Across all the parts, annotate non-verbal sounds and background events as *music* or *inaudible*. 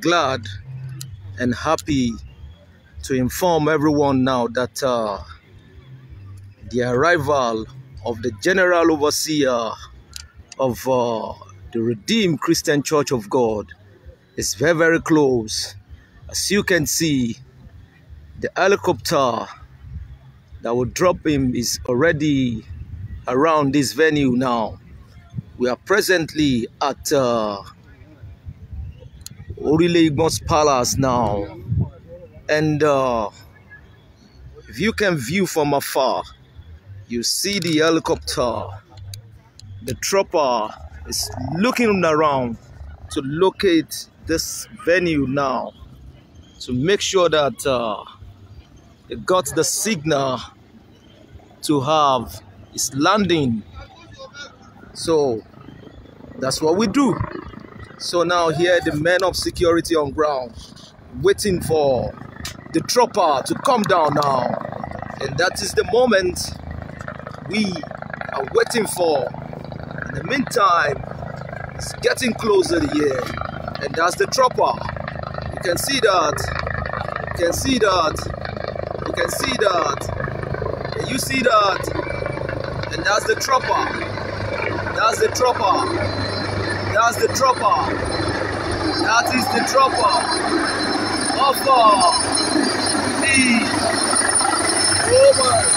glad and happy to inform everyone now that uh, the arrival of the General Overseer of uh, the Redeemed Christian Church of God is very, very close. As you can see, the helicopter that will drop him is already around this venue now. We are presently at uh, really Igbon's palace now. And uh, if you can view from afar, you see the helicopter. The trooper is looking around to locate this venue now to make sure that uh, they got the signal to have its landing. So that's what we do. So now here the men of security on ground waiting for the trooper to come down now. And that is the moment we are waiting for. In the meantime, it's getting closer here. And that's the trooper. You can see that. You can see that. You can see that. you see that? And that's the trooper. That's the trooper. That's the dropper. That is the dropper. Offer. E. Oh my.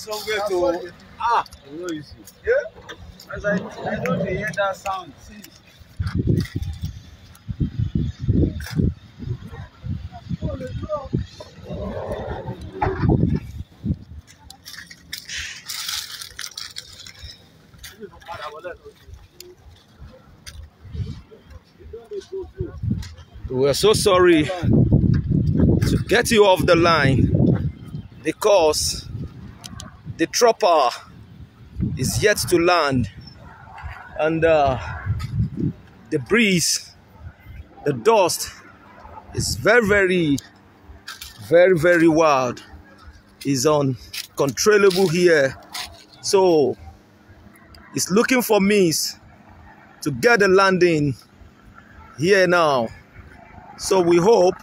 somewhere to. Ah, no issue. Yeah. As I, I don't hear that sound since. We are so sorry to get you off the line because the dropper is yet to land and uh, the breeze the dust is very very very very wild is uncontrollable here so it's looking for means to get a landing here now so we hope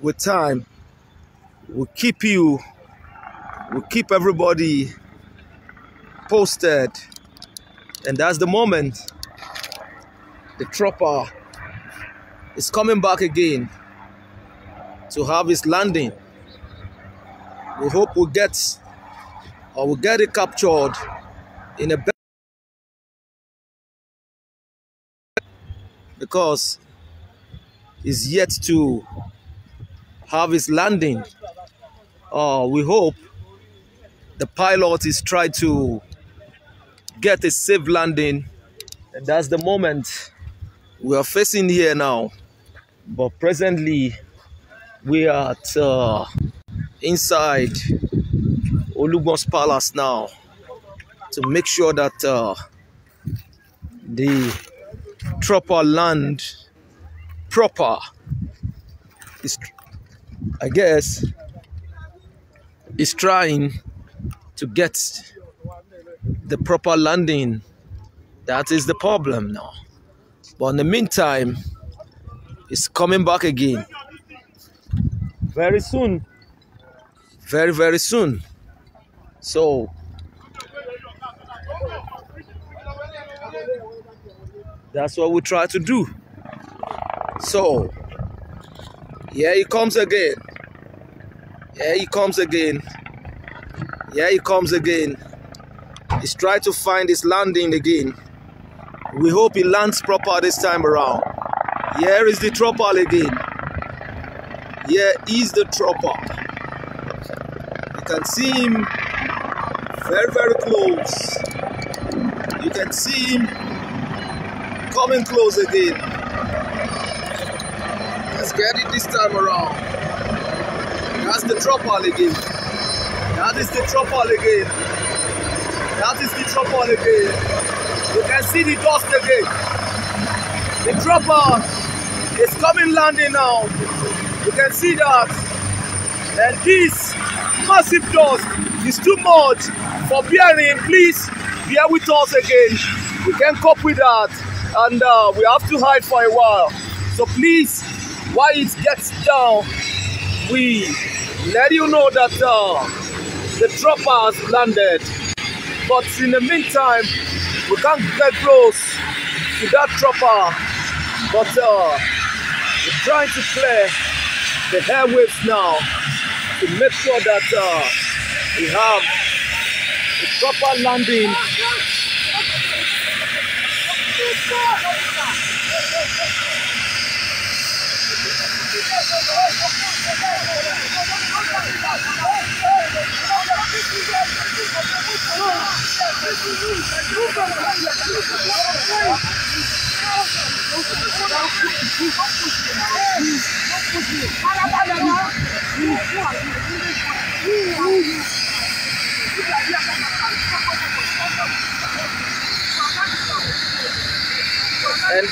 with time we'll keep you We'll keep everybody posted. And that's the moment. The trooper is coming back again to have his landing. We hope we get or we will get it captured in a because he's yet to have his landing. Uh, we hope the pilot is trying to get a safe landing and that's the moment we are facing here now but presently we are at uh, inside Olugbon's palace now to make sure that uh, the proper land proper is I guess is trying to get the proper landing. That is the problem now. But in the meantime, it's coming back again. Very soon. Very, very soon. So, that's what we try to do. So, yeah, he comes again. Yeah, he comes again. Here he comes again. He's trying to find his landing again. We hope he lands proper this time around. Here is the tropper again. Here is the tropper. You can see him very, very close. You can see him coming close again. Let's get it this time around. That's the tropper again. That is the trouble again. That is the trouble again. You can see the dust again. The trouble is coming landing now. You can see that. And this massive dust is too much for bearing. Please bear with us again. We can cope with that. And uh, we have to hide for a while. So please, while it gets down, we let you know that uh, the has landed. But in the meantime, we can't get close to that dropper. But uh, we're trying to clear the airwaves now to make sure that uh, we have a proper landing. *laughs* And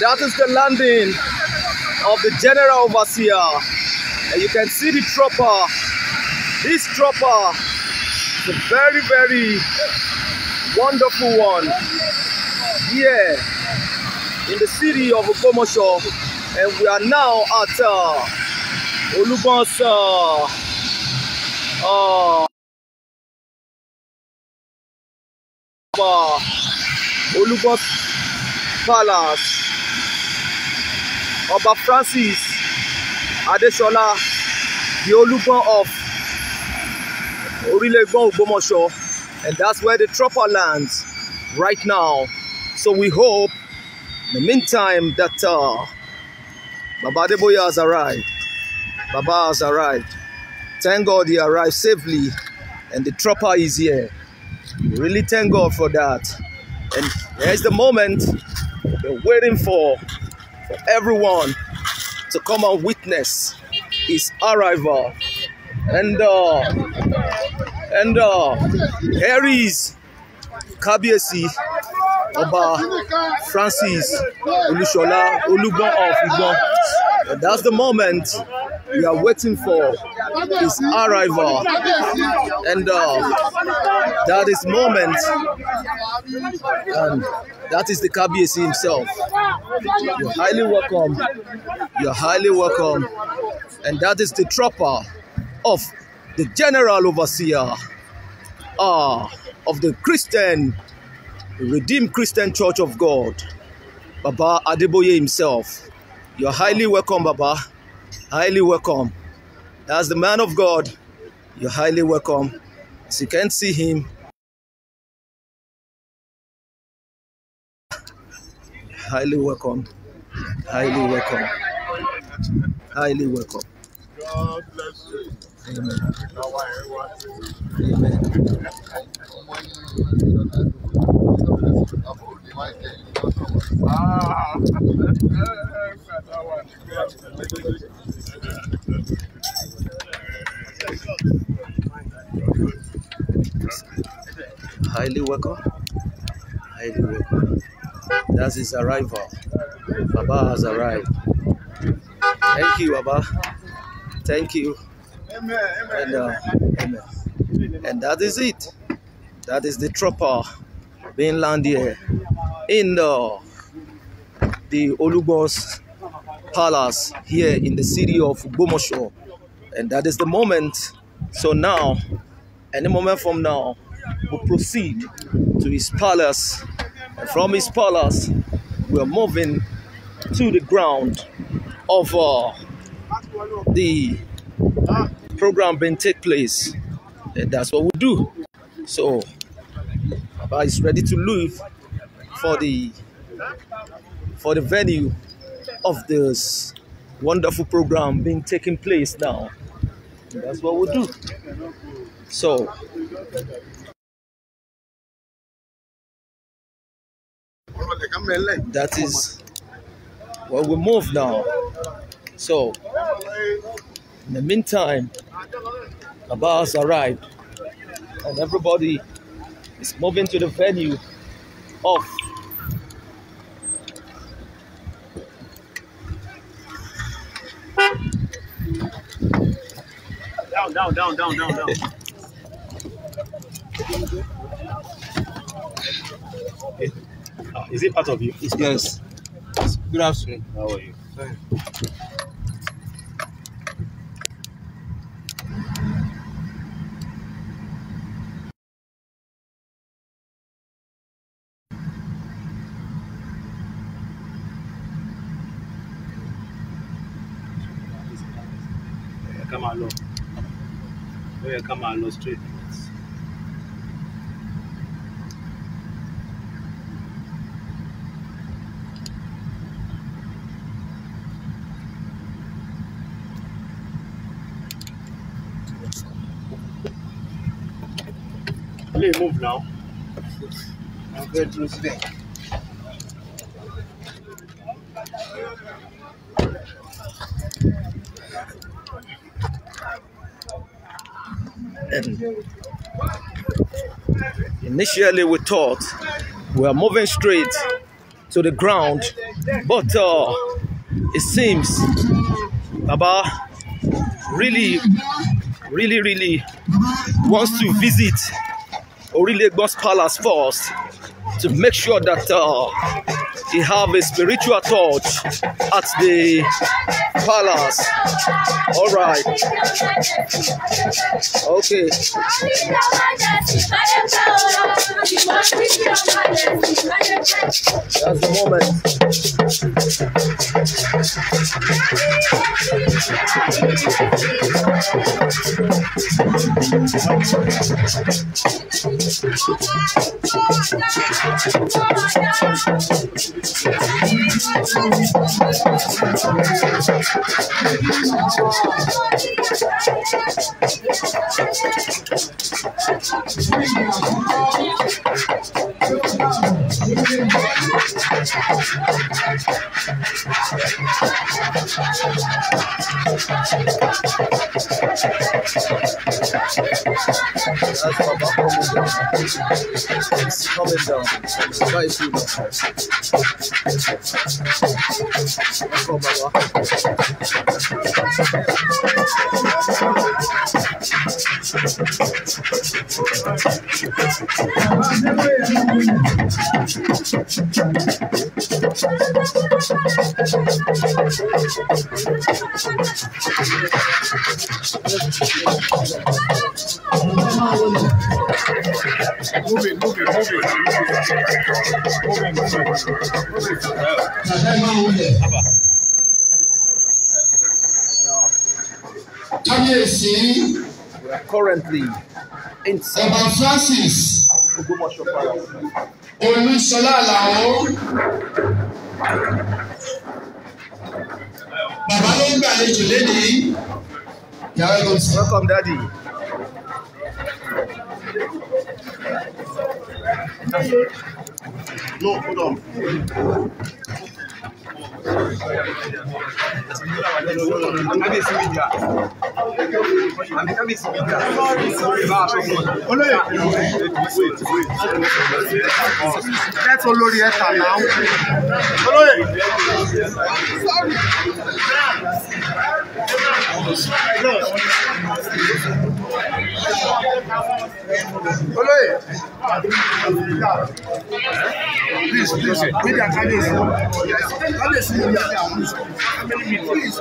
that is the landing of the general overseer. And you can see the trooper. This trooper it's a very, very wonderful one here in the city of Okomosho. And we are now at uh, Olubon's uh, uh, uh, Palace. Oba Francis Adeshola, the Oluban of go, Ogbomoso, and that's where the trapper lands right now. So we hope, in the meantime, that uh, Baba Deboya has arrived. Baba has arrived. Thank God he arrived safely, and the trapper is here. Really thank God for that. And here's the moment we're waiting for, for everyone to come and witness his arrival. and uh, and uh, Aries Kábíyèsí Ọba Francis Olúṣọlá Olúgbọ́n of Igbọ́n. That's the moment we are waiting for his arrival, and uh, that is moment, and that is the Kábíyèsí himself. You're highly welcome. You're highly welcome, and that is the trooper. of the general overseer uh, of the Christian, Redeemed Christian Church of God, Baba Adeboye himself. You're highly welcome, Baba. Highly welcome. As the man of God, you're highly welcome. As you can see him, highly welcome. Highly welcome. Highly welcome. God bless you highly welcome. Highly welcome. That's his arrival. Baba has arrived. Thank you, Baba. Thank you. And, uh, amen. and that is it. That is the trooper being landed in uh, the Olubos Palace here in the city of Bomosho. And that is the moment. So now, any moment from now, we proceed to his palace. And from his palace, we are moving to the ground of uh, the program been take place, eh, that's what we do. So, Baba is ready to leave for the for the venue of this wonderful program being taking place now. That's what we will do. So, that is where we move now. So, in the meantime, the bars arrived and everybody is moving to the venue of down down down down down down is it part of you it's yes of good afternoon how are you Fine. camera lost three minutes. Please move now. I'm going through today. Initially, we thought we are moving straight to the ground, but uh, it seems Baba really, really, really wants to visit Orilegbos Palace first to make sure that uh, he have a spiritual touch at the Colors. All right. Okay. That's the moment. Coming down, nice presently in Baba Francis Olúṣọlá bàbá ló ń gbàlejò lénìí. Welcome daddy. I'm becoming That's olórí ẹ̀ta olóyè please please media kábíyèsí kábíyèsí media please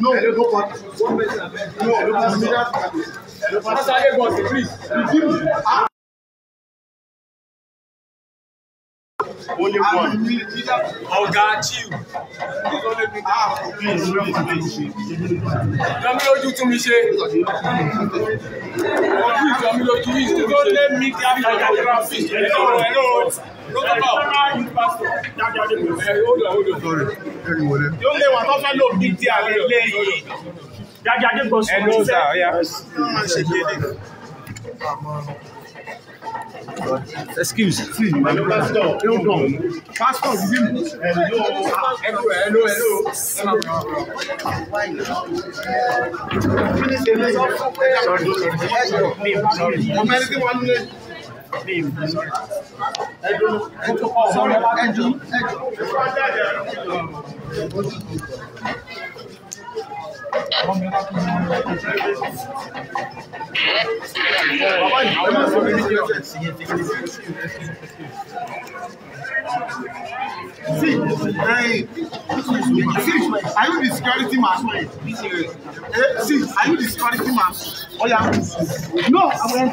no no no no media kábíyèsí please. Only one. Oh, got you. Kàmí lójú tún mi ṣe. Ọdún ìkàmí lójú yìí tún mi ṣe. Don't let me get my photography. Hello, hello. Yóò lé wa tó fẹ́ lò bí di àlẹ́ lẹ́yìn. Jáde Adégbòsùn. Ẹ ló ń sá, ọ̀ya. Ṣé máa ń ṣe kéde? Excuse me, my pastor. Hold on. Pastor, give him. Hello. Hello, hello. Sorry, sorry, sorry. See, hey, see, are you the security man? Hey, see, are you the security man? Oh yeah. No, I'm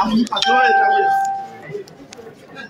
not. I'm not. I'm not.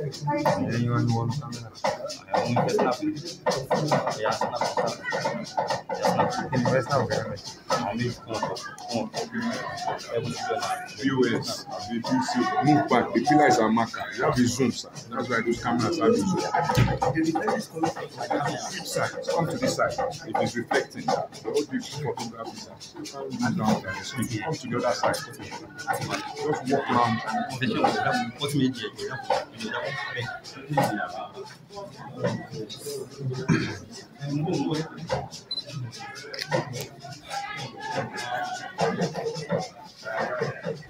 anyone want to come in? I only just happened. Yeah, que no es nada POS, move back. The pillar is a marker. You have the zoom, sir. That's why those cameras have the zoom. Come to this side. If it's reflecting, all the photographs and down there. come to the other side, just walk around. What made you? Thank you.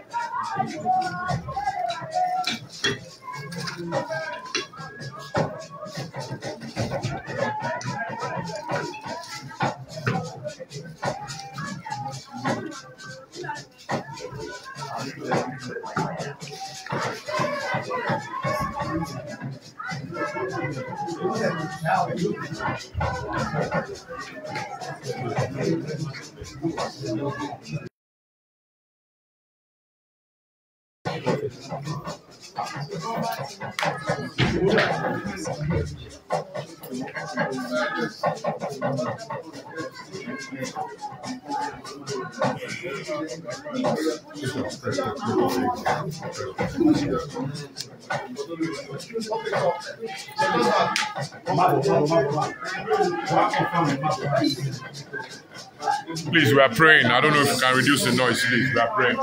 Please, we are praying. I don't know if you can reduce the noise, please. We are praying.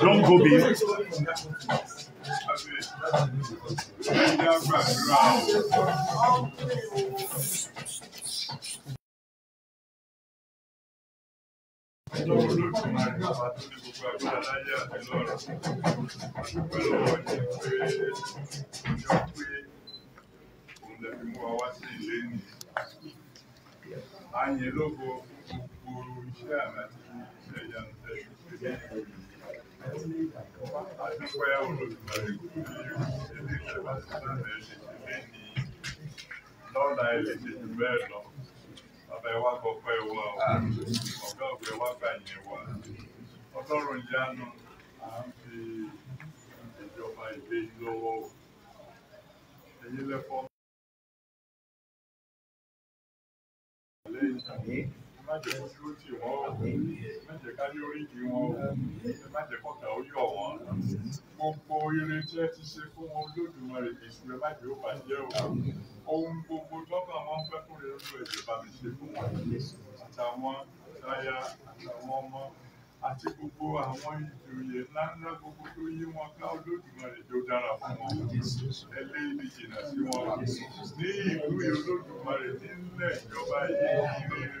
Don't go beyond. Olódùmarè ọba tó ní gbogbo agbára láyé àti lọ́run. Àdúpẹ́ lọ́wọ́ ni pé ọjọ́ pé òun lè fi mú wa wá sí ilé nì. Àyìn lógo gbogbo iṣẹ́ àmì àti iṣẹ́ ìyanu tẹ̀lé. Àdúpẹ́ Olódùmarè kò ní ilé ìṣẹ̀lẹ̀ àti sáà ẹ̀ lè ṣe lé ní lọ́la ẹ̀ lè ṣe jù bẹ́ẹ̀ lọ bàbá ẹ wá gbọ́pẹ́ o ọ̀gá ọ̀gá ẹ wá gbà wa ọlọ́run yánu à ń fi ìjọba ìgbé lọ́wọ́ o ẹ̀yin lẹ́fọ́ má gbogbo ire tí ẹ ti ṣe fún wọn Olódùmarè èṣù ẹ má jẹ́ ó bàjẹ́ o ohun gbogbo tọ́kàn wọn fẹ́ fún rẹ lórí ẹ̀jẹ̀ bá mi ṣe fún wọn àtàwọn táyà àtàwọn ọmọ àti gbogbo àwọn ìjòyè ńláńlá gbogbo tó yí wọn ká Olódùmarè tó dára fún wọn ẹlẹ́ ibi jìnnà sí wọn ní ìlú Olódùmarè nílẹ̀ ìjọba yìí ní rere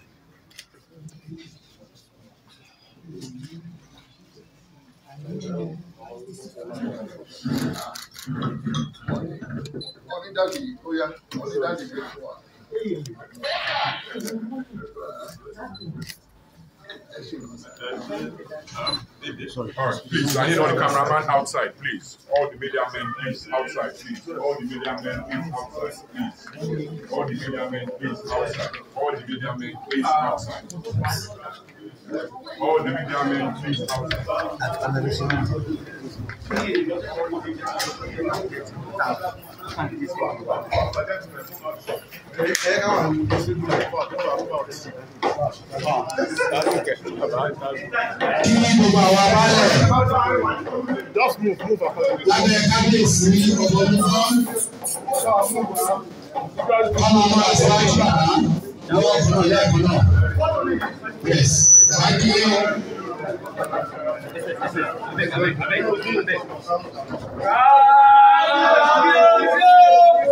onídàbí ó yá onídàbí gbé fún wa. All right, please, I need all the cameraman outside, please. All the media men, please, outside, please. All the media men, please, outside, please. All the media men, please, outside. All the media men, please, outside. All the media men, please, outside. Kí gbogbo àwọn abálẹ̀ lábẹ́ kábíyèsí ọ̀gbọ́n ní wọ́n máa máa sọ àìsàn àná lọ́wọ́ fún ọ̀lẹ́kùn náà. Yes, ṣáájú Amén, amén, amén.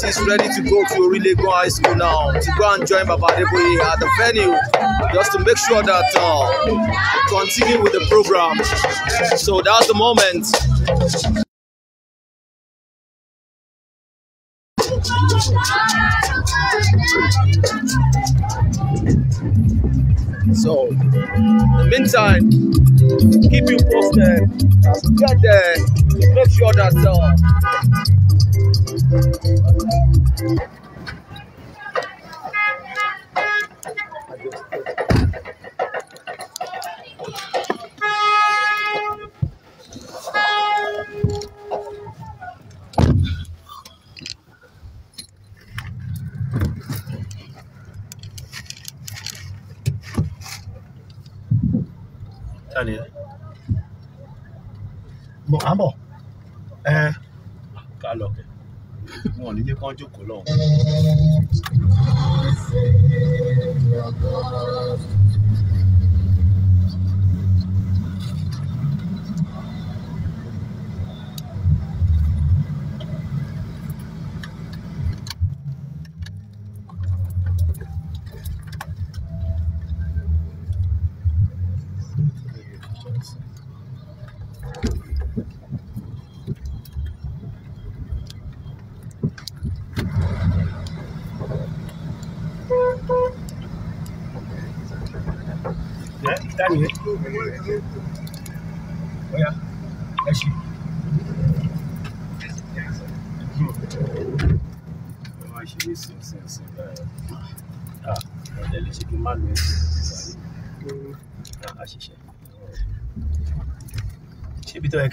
Grace is ready to go to Orilegun High School now to go and join Baba Adeboye at the venue just to make sure that uh, continue with the program. So that's the moment. keep you posted. Get there. Make sure that. Uh, à ẹ. ká lọ kẹ wọn ò ní jẹ́ kí jókòó lọ́hùn.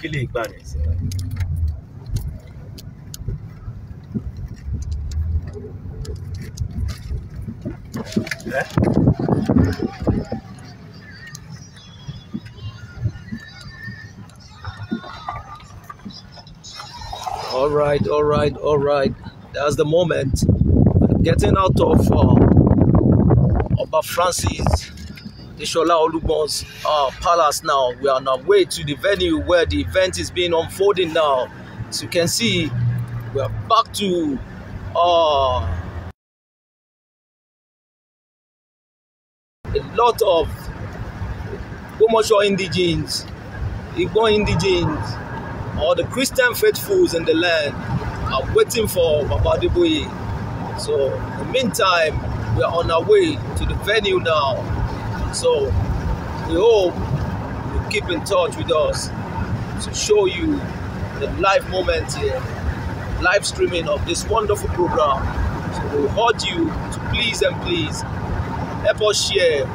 ìsìn eh? right all right all right that's the moment getting out of uh, Francis Ishola Olubon's uh, palace now. We are on our way to the venue where the event is being unfolding now. As you can see, we are back to uh, a lot of Gomosho indigenes, Igbo indigenes, or the Christian faithfuls in the land are waiting for Baba Deboye. So, in the meantime, we are on our way to the venue now. So we hope you keep in touch with us to show you the live moment here, live streaming of this wonderful program. So we urge you to please and please help us share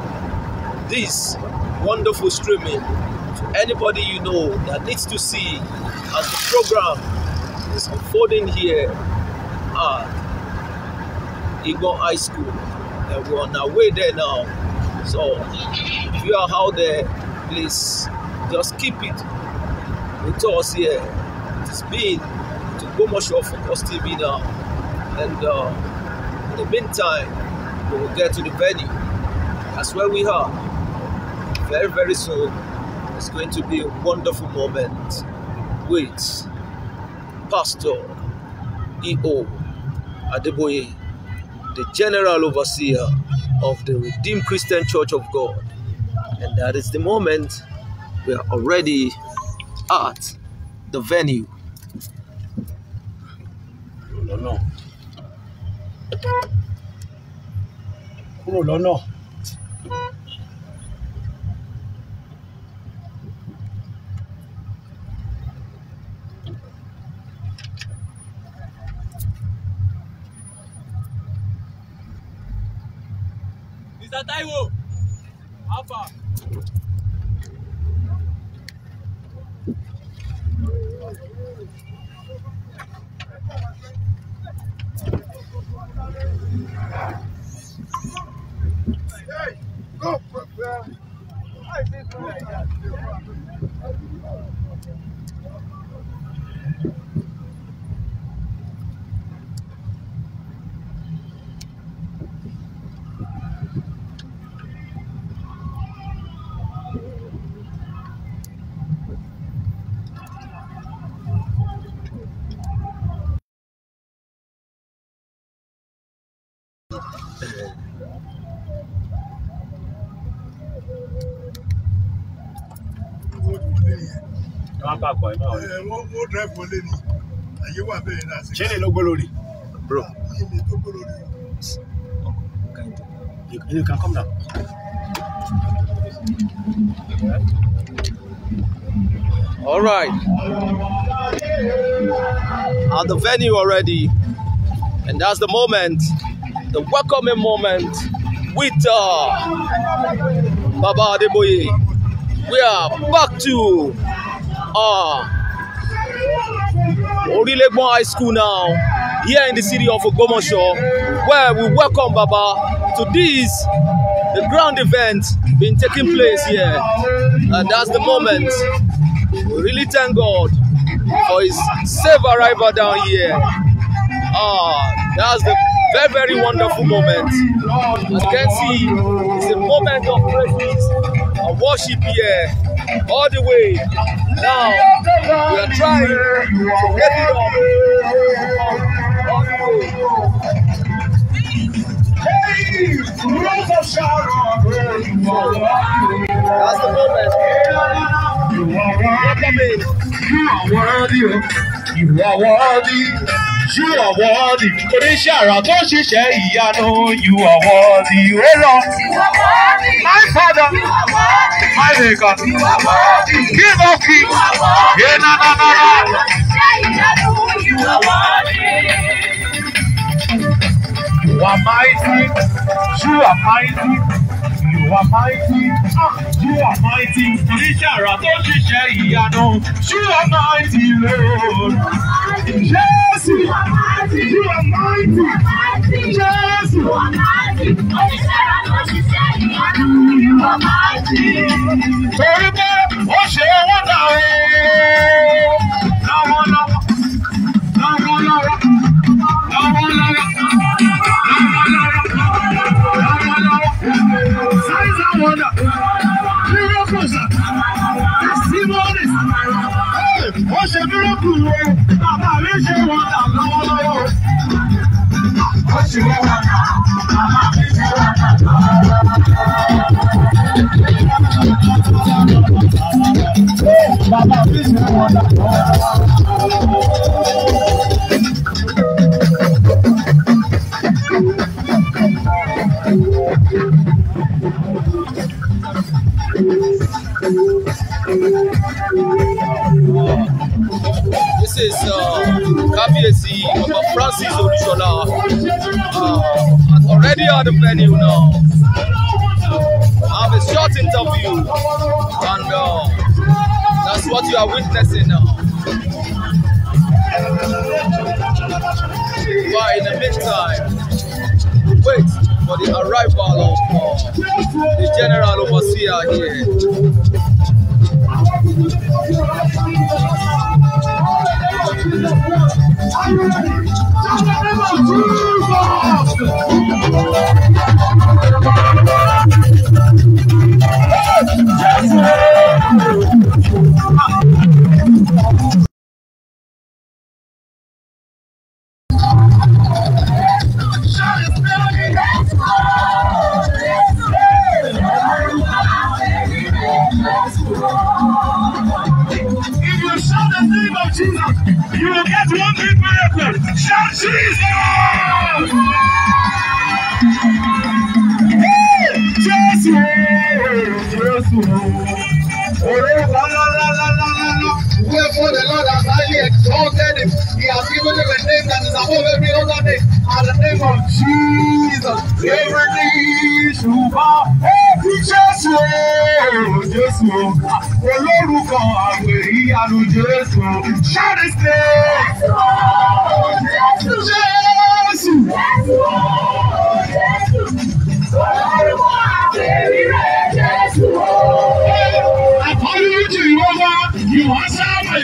this wonderful streaming to anybody you know that needs to see as the program is unfolding here at Igbo High School. And we're on our way there now. So if you are out there, please just keep it with us here. It's been to go much of Focus TV now. And uh, in the meantime, we will get to the venue. That's where we are. Very, very soon. It's going to be a wonderful moment with Pastor E.O. Adeboye, the General Overseer of the Redeemed Christian Church of God. And that is the moment we are already at the venue. Kúrò no! Kúrò lọ́nà. Taiwo. How far? Hey, I see something pàpọ̀ ẹ̀ náà. ẹ wọ́n wọ́n drive wọlé ni àyè wà bẹ́ẹ̀ náà. ṣé lè ló gbó bro. ilé tó gbó All right. At the venue already, and that's the moment, the welcoming moment with uh, Baba Adeboye. We are back to are ah. Orilegbon High School now, here in the city of Ogbomoso, where we welcome Baba to this the grand event being taking place here. And that's the moment. We really thank God for his safe arrival down here. Ah, that's the very, very wonderful moment. As you can see, it's a moment of praise and worship here. all the way. Now we are trying to get it on. all the way. That's the moment. You are worthy. You are worthy. You are worthy. You are worthy. Oníṣẹ́ àrà tó ṣiṣẹ́ ìyanu. You are worthy. Ìwé lọ. My father. My maker. King of kings. Yé na na na na. You are mighty. You are mighty wà máìtì you are mighty oníṣàrà tó ṣiṣẹ́ ìyanu you are mighty Lord Jésù you are mighty Jésù oníṣàrà tó ṣiṣẹ́ ìyanu you are mighty. torí pé ó ṣe wọ́n dà o lọ́wọ́lọ́wọ́ lọ́wọ́lọ́wọ́ lọ́wọ́lọ́wọ́. ó ṣe búrọ́kù o bàbá mi ṣe wọn kà lọ́wọ́lọ́wọ́. ó ṣe wọn kà bàbá mi ṣe wọn kà lọ́wọ́lọ́wọ́. bàbá mi ṣe wọn kà lọ́wọ́lọ́wọ́. Aziz Orishola uh, already at the venue now. I have a short interview, and uh, that's what you are witnessing now. But in the meantime, we wait for the arrival of uh, the general overseer here. I'm I'm a Jesus. therefore the Lord has highly exalted him. He has given him a name that is above every other name. At the name of Jesus, every knee shall bow. Every chest will Jésù, Jésù, olórúkọ àgbè ìyanu Jesus. Shout his name. Jesus. Jésù, Jésù, Jésù, olórúkọ àgbè ìrẹ̀ Jesus. I follow you to Jesus. You ask by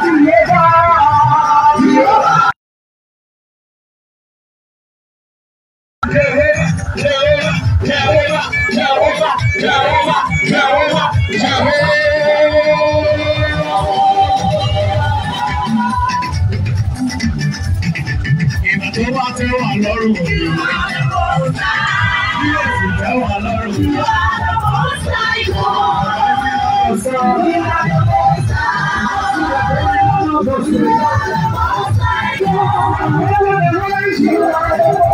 You are the most high God. You are the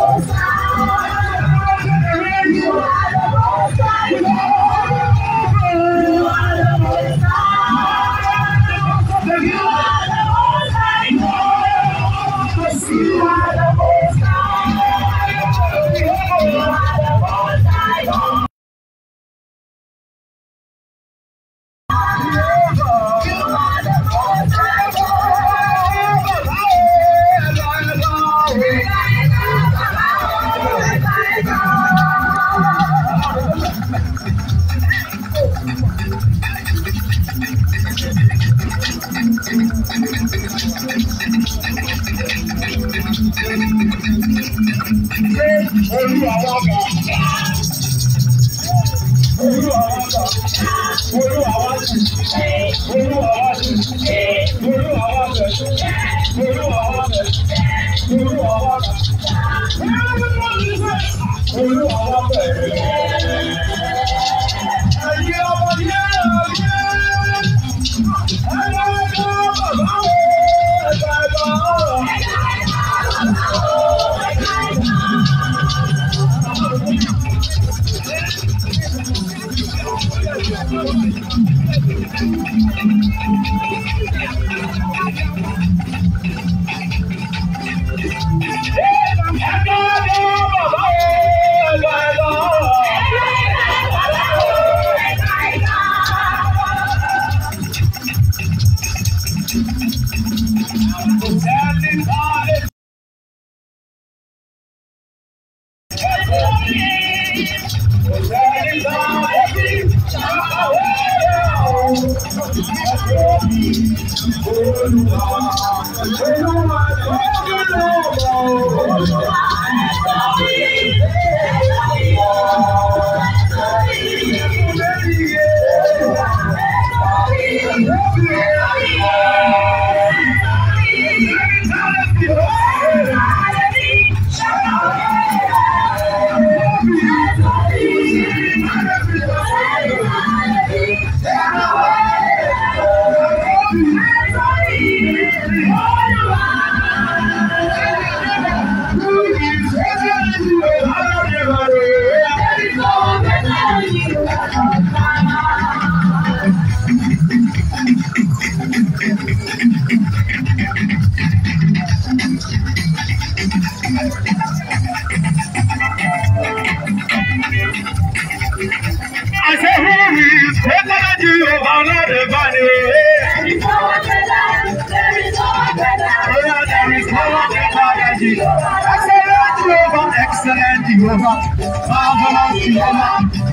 Father of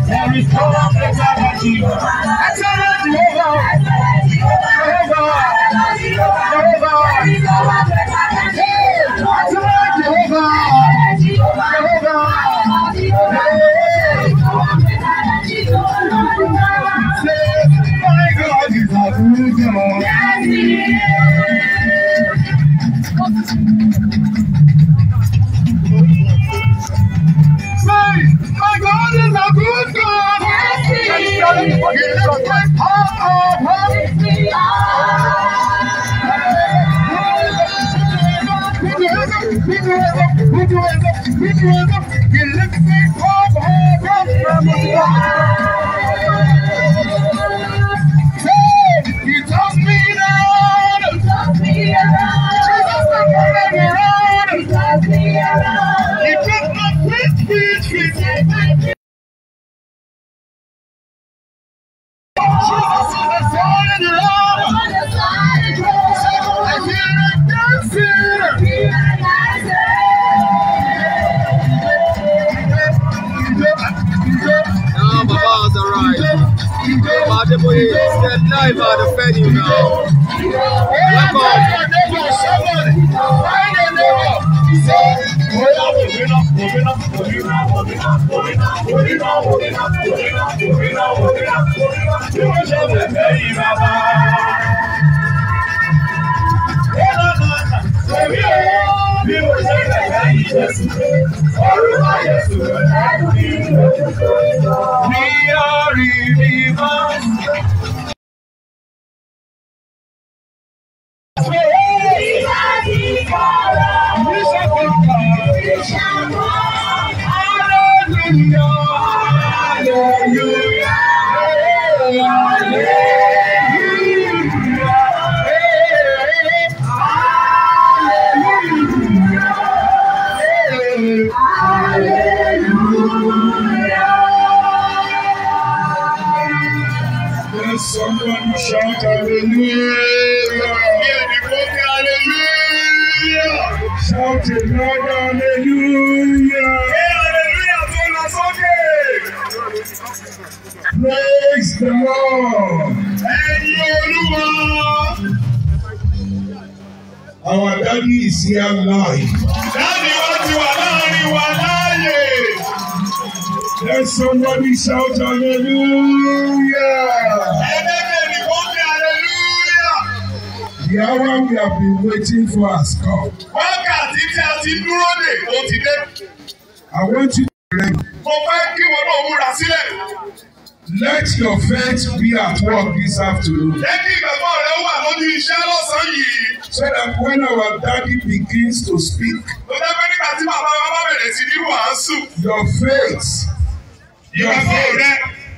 there is no one better than Jehovah. Excellent Jehovah, Jehovah, Jehovah, ṣèwẹ̀fẹ́ yìí bàbá. Ìlànà àtà èmi ò bí mo ṣe bẹ̀rẹ̀ yìí Jésù. Orúkọ Jésù ló dẹ́kun ní ojú tó ń lọ. Ní orí the Lord. Ẹyin Our daddy is here alive. Daddy wa ti wà láàrin wa láàyè. Let somebody shout hallelujah. Ẹlẹ́gbẹ̀rún kò The hour we have been waiting for has come. Wákàtí tí a ti dúró dè I want you to pray. Let your faith be at work this afternoon. Jẹ́ kí ìgbàgbọ́ rẹ wà lójú iṣẹ́ lọ́sàn-án yìí. So that when our daddy begins to speak. Ló dé pé nígbà tí bàbá wa bá bẹ̀rẹ̀ sí ní wàásù. Your faith. Your faith.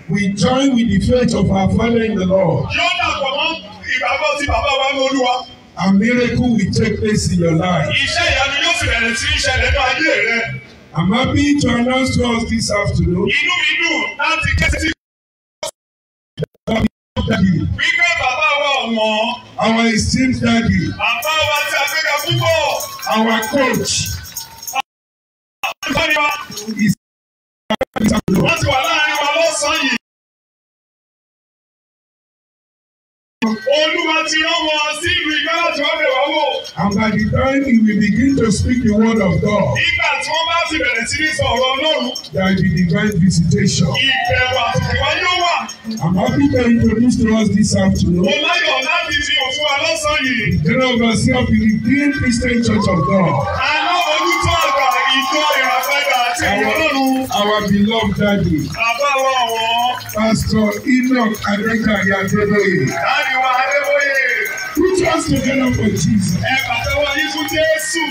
We join with the faith of our father in the Lord. Yóò dàgbọ̀ mọ́ tí bàbá wa ń lóluwa. A miracle will take place in your life. Iṣẹ́ ìyanu yóò sì bẹ̀rẹ̀ sí í ní ayé rẹ. I'm happy to announce to us this afternoon. Inú mi dùn láti kẹ́sì daddy. Wípé bàbá wa ọ̀mọ́. Our esteemed daddy. Bàbá wa ti àgbéga púpọ̀. Our coach. Wọ́n ti wà láàrin wa lọ́sàn-án yìí. And by the time he will begin to speak the word of God. Nígbà tí wọ́n bá ti bẹ̀rẹ̀ sí ní sọ There will be divine visitation. I'm happy to introduce to us this afternoon. General Garcia of the Green Christian Church of God. Our beloved daddy. Bàbá wa Pastor Enoch Adékàyé Adébóyè. Láti wá Adébóyè. Put us together for Jesus. Ẹ bàtà wa yín fún Jésù.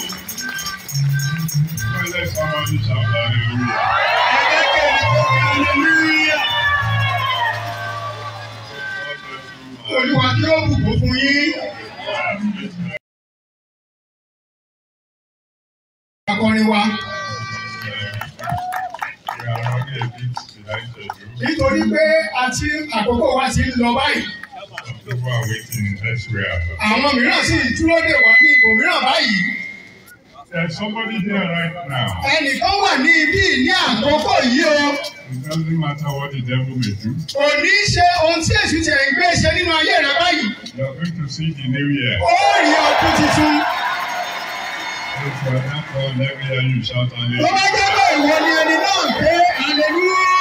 Ilé ìfọwọ́ ní ṣàbá ìlú. Ẹgbẹ́ kẹ̀lé kó kí aleluya. Olúwa kí ó bùkún fún yín. Akọrin wa. Nítorí pé àti àkókò wa ti ń lọ báyìí. Àwọn mìíràn sì dúró dè wá ní ibòmíràn báyìí. There's somebody there right now. Ẹnìkan wà ní ibí ní àkókò yìí o. It doesn't matter what the devil may do. Kò ní ṣe ohun tí èṣù tẹ̀ ń gbé ṣe nínú ayé rẹ báyìí. You are going to see the new year. Ó rí ọdún tuntun. If you are not called jẹ́ bẹ́ẹ̀ wọ ni ẹni náà pé hallelujah.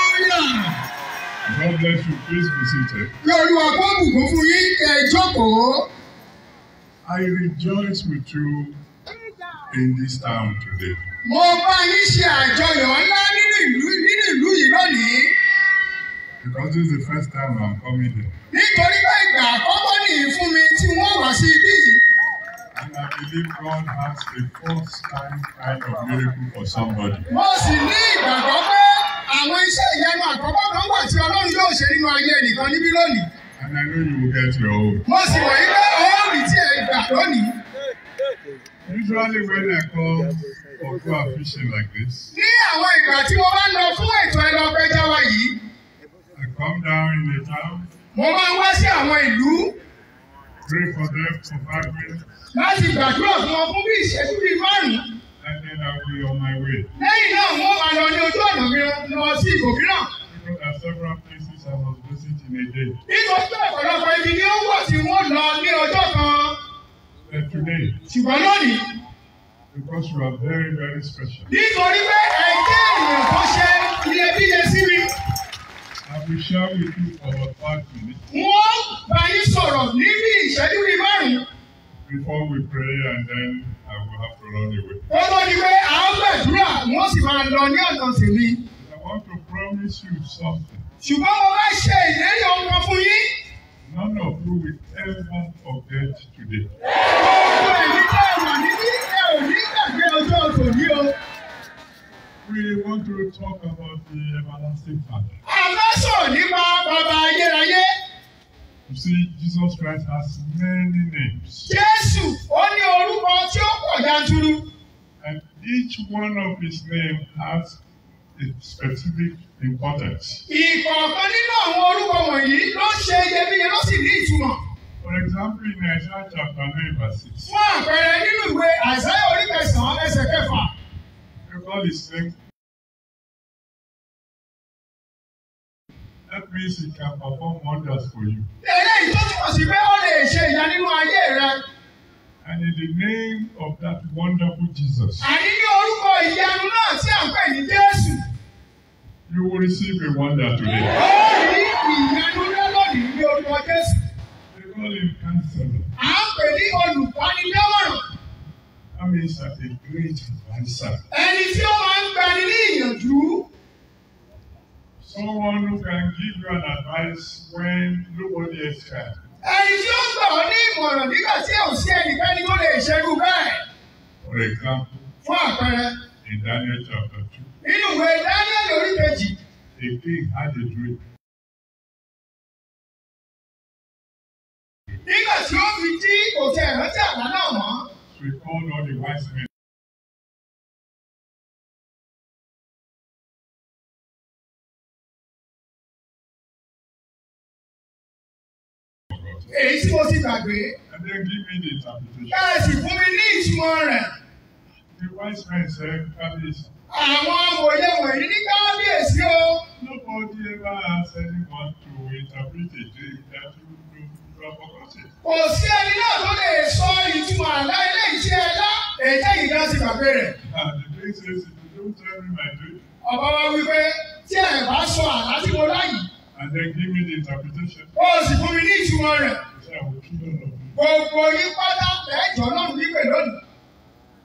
God bless you. Please be eh? seated. Lọ́lúwa kó bùkún fún yín ẹ jókòó. I rejoice with you in this town today. Mo bá yín ṣe àjọyọ̀ ńlá nínú ìlú nínú ìlú yìí lónìí. Because this is the first time I'm coming here. Nítorí pé ìgbà àkọ́kọ́ nìyí fún mi tí wọ́n wá sí ibí yìí. And I believe God has a first time kind of miracle for somebody. Mo sì ní ìgbàgbọ́ pé àwọn iṣẹ́ ìyanu àkọ́kọ́ kan wà tí Ọlọ́run yóò ṣe nínú ayé ẹnìkan níbí lónìí. And I know you will get your own. Mo sì wọ̀ yí pé ọ̀rọ̀ tí ẹ gbà lónìí. Usually when I come for go fishing like this. Ní àwọn ìgbà tí mo bá lọ fún ètò ẹlọpẹja wa yìí. I come down in the town. Mo máa ń wá sí àwọn ìlú. Pray for them to five me. Láti gbàdúrà fún ọ fún bí ìṣẹ́jú bíi márùn-ún. And then I'll be on my way. Lẹ́yìn náà, wọ́n máa lọ ní ojú ọ̀nà mi lọ sí ibòmíràn. Because there are several places I must visit in a day. Nítorí pé ọ̀pọ̀lọpọ̀ ibi ni ó wọ̀ tí wọ́n lọ ní ọjọ́ kan. But today. Ṣùgbọ́n lónìí. Because you are very very special. Nítorí pé ẹ jẹ́ ènìyàn tó ṣe iyebíye sí mi. I will share with you about five minutes. Wọ́n bá yín sọ̀rọ̀ níbi ìṣẹ́jú bíi márùn-ún. Before we pray and then. Ó ló di pé à ń gbàdúrà wọ́n sì máa lọ ní ọ̀nà tèmi. I want to promise you something. Ṣùgbọ́n mo fẹ́ ṣe ìlérí ohun kan fún yín. None of you will ever forget today. Gbogbo ẹ̀mí tẹ́ ẹ wà níbí ẹ ò ní gbàgbé ọjọ́ tòní o. We want to talk about the everlasting father. Àlọ́ sọ̀rọ̀ nípa bàbá ayérayé. You see, Jesus Christ has many names. Jésù, ó ní orúkọ tí ó pọ̀ And each one of his name has a specific importance. Ìkọ̀ọ̀kan nínú àwọn orúkọ wọ̀nyí ló ṣe iyebíye ló sì ní ìtumọ̀. For example, in Isaiah chapter 9, verse six. Fún àpẹẹrẹ nínú ìwé Isaiah orí kẹsàn-án ẹsẹ̀ kẹfà. God is saying, That means he can perform wonders for you. Eléyìí tó túmọ̀ sí pé ó lè ṣe ìyanínú ayé rẹ. And in the name of that wonderful Jesus. Àní orúkọ ìyanu náà tí à ń pè ní Jésù. You will receive a wonder today. Ó rí ìyanu lọ́lọ́dún ní orúkọ Jésù. They call him counselor. À ń pè ní olùkọ́nilẹ́wọ̀ràn. That means that a great adviser. Ẹni tí ó máa ń gbani ní ìyànjú. Someone who can give you an advice when nobody else can ẹni tí ó gbà ọ́ ní ìmọ̀ràn nígbà tí ò sí ẹnikẹ́ni tó lè ṣẹ́gun bẹ́ẹ̀. for example. fún àpẹẹrẹ. in Daniel chapter two. nínú ìwé Daniel orí kejì. the king had a dream. nígbà tí ó fi dí òkè ẹ̀rọ tí àgbà náà mọ́. she told all the wise men. èyí tí mo ti gbàgbé. and then give me the interpretation. ẹ sì fún mi ní ìtumọ̀ rẹ̀. the wise man said kábíyèsí. àwọn amòye wọ̀nyí ní kábíyèsí o. nobody ever asked anyone to interpret a dream that you do proper process. kò sí ẹni náà tó lè sọ ìtumọ̀ àlá ilé iṣẹ́ ẹlá èyí tẹ́yìn dá sí bàbá rẹ̀. and the king says if you don't tell me my dream. ọ̀bá wa wí pé tí ẹ̀ bá sọ àlá tí mo láyìí. And then give me the interpretation. Ó sì fún mi ní ìtumọ̀ rẹ̀. Gbogbo yín pátá lẹ́jọ́ náà nígbè lónìí.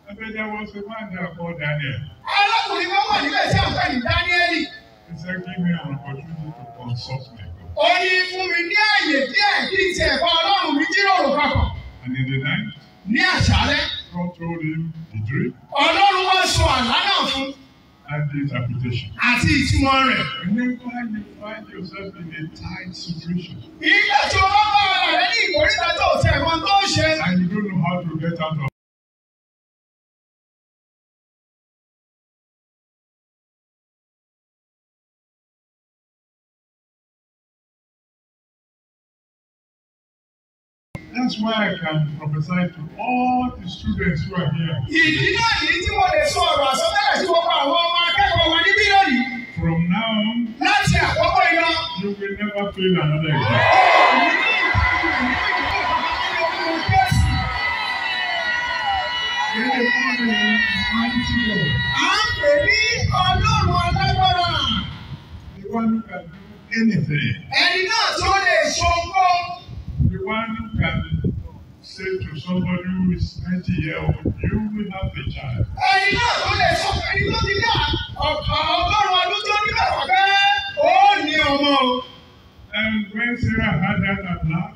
Abẹ́jẹ́ wọ́n ṣe máa ń dà pọ̀ Daniel. Arákùnrin kan wà níbẹ̀ tí a fẹ́ ní Dáníẹ́lì. He said give me an opportunity to consult my God. Ó ní fún mi ní àyè díẹ̀ kí n ti ẹ̀fọ́ Ọlọ́run mi jíròrò papọ̀. And in the night. Ní àṣálẹ́. God told him the dream. Ọlọ́run wá sọ àlá náà fún un adequate application. Àti ìtumọ̀ rẹ̀. Whenever you find yourself in a tight situation. Ilé tí o bá bá ara rẹ ní ìkórìíra tó ṣe ẹ̀wọ̀n tó ṣe. And you don't know how to get out of is why I can prophesy to all the students who are here. Ìdí náà ní tí mo lè sọ ọ̀rọ̀ àsọtẹ́lẹ̀ sí gbogbo àwọn ọmọ akẹ́kọ̀ọ́ wa níbí lónìí. From now on. Láti àkókò yìí You will never fail another exam. À ń one who can do anything. Ẹni náà tó lè ṣoǹkó. The one who can say to somebody who is ninety years old you will have a child. ẹ̀yin náà ó lè sọ pé ẹni tó ti dá ọ̀kan ọgọ́rùn-ún ọdún tó ní bẹ̀rẹ̀ pé ó ní ọmọ. and when sarah had that attack.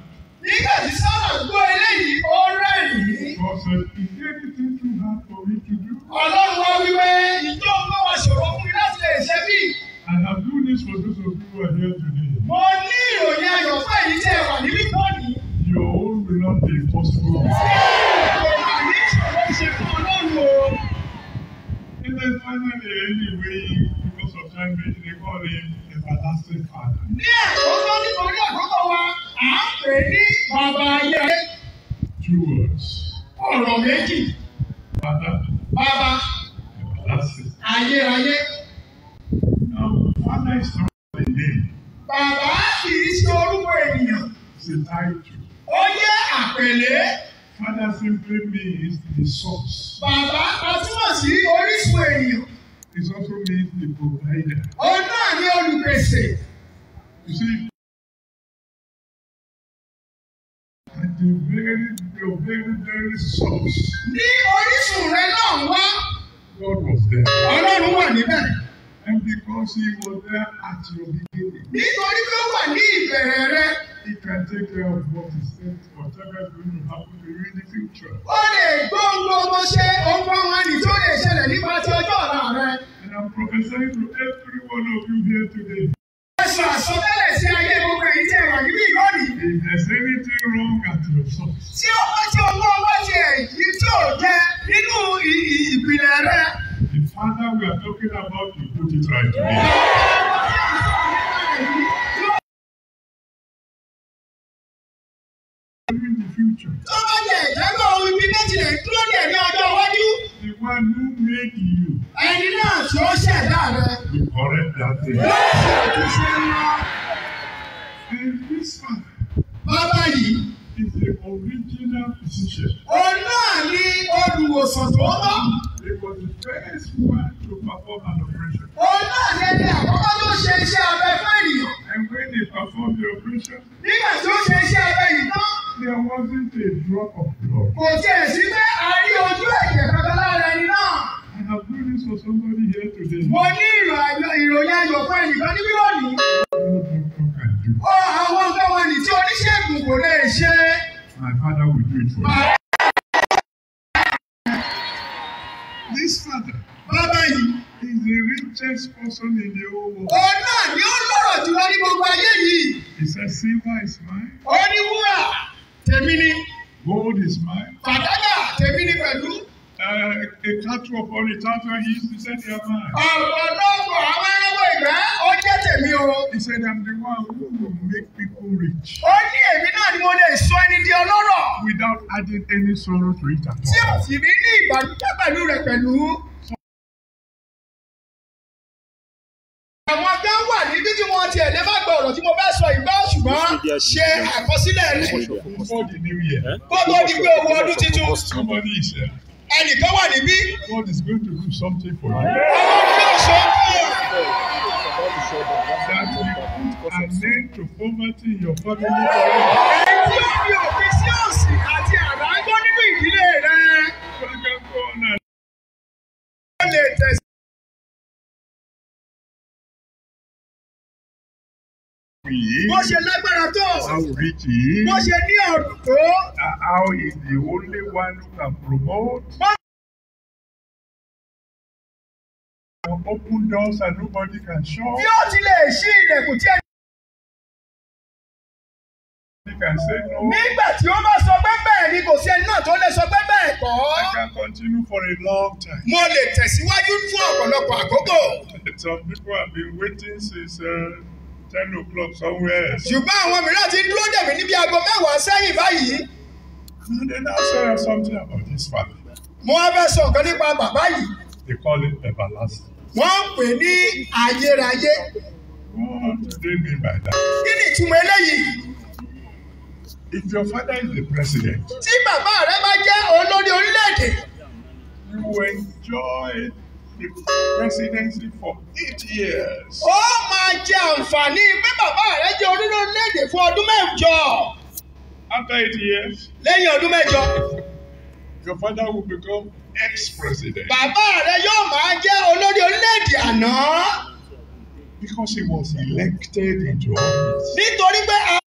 nígbà tí sarah gbọ́ eléyìí ó rẹ́rìn-ín. God said is there anything too hard for me to do. ọlọ́run because he was there at your beginning. Nítorí pé ó wà ní ìbẹ̀rẹ̀ rẹ. He can take care of what is said whatever is going to happen to you in the future. Ó lè gbọ́ ọmọ ṣe ohun ọmọ ẹni tó lè ṣẹlẹ̀ nípa ti ọjọ́ ọ̀la rẹ. And I'm prophesying to every one of you here today. Ẹ̀sùn àsọtẹ́lẹ̀ sí ayé gbogbo èyí tẹ̀ wà níbí lónìí. If there's anything wrong at your source. Tí ọmọ tí ọmọ we are talking about, you put it right to today. In the future. The one who made you. Ẹni náà tí ó ṣẹ̀dá rẹ. The correct that thing. Yóò ṣàtúnṣe lọ. And this one. Baba yìí is the original physician. Òun náà olùwòsàn tó lọ. It was the first one to perform an operation. Òun náà ni ẹni àkọ́kọ́ tó ṣe iṣẹ́ abẹ fún ènìyàn. And when they perform the operation. Nígbà tí ó ṣe iṣẹ́ abẹ yìí tán. There wasn't a drop of blood. Kò tiẹ̀ sí pé a rí ojú ẹ̀jẹ̀ kankan lára ẹni náà. I have good news for somebody here today. Mo ní ìròyìn ayọ̀ fún ẹnìkan níbí lónìí. Ó àwọn nǹkan wọn tí oníṣègùn kò lè ṣe. My father will do it for me. This father. Bàbá yìí. Is the richest person in the whole world. Òun náà ni ó lọ́rọ̀ jù lọ ní gbogbo ayé yìí. He said silver is mine. Ó ní wúrà tèmi ni. Gold is mine. Fàdákà tèmi ni pẹ̀lú. Uh, a cattle upon a thousand hills, he said they are mine. Ọ̀pọ̀lọpọ̀ àwọn tèmi o. He said I'm the one who will make people rich. Ó ní èmi náà ni mo lè sọ ẹni di ọlọ́rọ̀. Without adding any sorrow to it at all. Tí o sì ní ní ìbànújẹ́ pẹ̀lú rẹ̀ pẹ̀lú. Àwọn kan wà níbí tí wọ́n ti ẹ̀lẹ́ má gbọ́ ọ̀rọ̀ tí mo fẹ́ sọ ìgbọ́ ṣùgbọ́n ṣe àkọsílẹ̀ rẹ̀. Kó tó di pé owó ọdún tuntun. Ẹnìkan wà níbí. God is going to do something for you. Ọlọ́run yóò ṣe é sure that to poverty in your family. Ètí fi òfin sí òsì àti àdágbó nínú ìdílé rẹ. Ó lè Bó ṣe lágbára tó. Àwòrí kì í. Bó ṣe ní ọ̀dùn tó. How is the only one who can promote. Open doors and nobody can show. Bí ó ti lè ṣí ilẹ̀kùn tí ẹni. can say no. Nígbà tí ó bá sọ pé bẹ́ẹ̀ ni kò sí ẹni náà tó lè sọ pé bẹ́ẹ̀ kọ́. I can continue for a long time. Mo lè tẹ̀síwájú fún ọ̀pọ̀lọpọ̀ àkókò. Some people have been waiting since uh, ten o'clock somewhere. Ṣùgbọ́n àwọn mìíràn ti dúró dè mí níbi aago mẹ́wàá sẹ́yìn báyìí. And then tell you something about this family. Mo wá fẹ́ sọ nǹkan nípa bàbá yìí. They call it everlasting wọ́n pè ní ayérayé. kí ni ìtumọ̀ eléyìí? If your father is the president. Tí bàbá rẹ bá jẹ́ olórí orílẹ̀-èdè. You will enjoy the presidency for eight years. Ó máa jẹ àǹfààní pé bàbá rẹ jẹ́ olórí orílẹ̀-èdè fún ọdún mẹ́jọ. After eight years. Lẹ́yìn ọdún mẹ́jọ. Your father will become ex-president. Bàbá rẹ̀ yóò máa jẹ́ olórí orílẹ̀-èdè àná. Because he was elected into office. Nítorí pé a.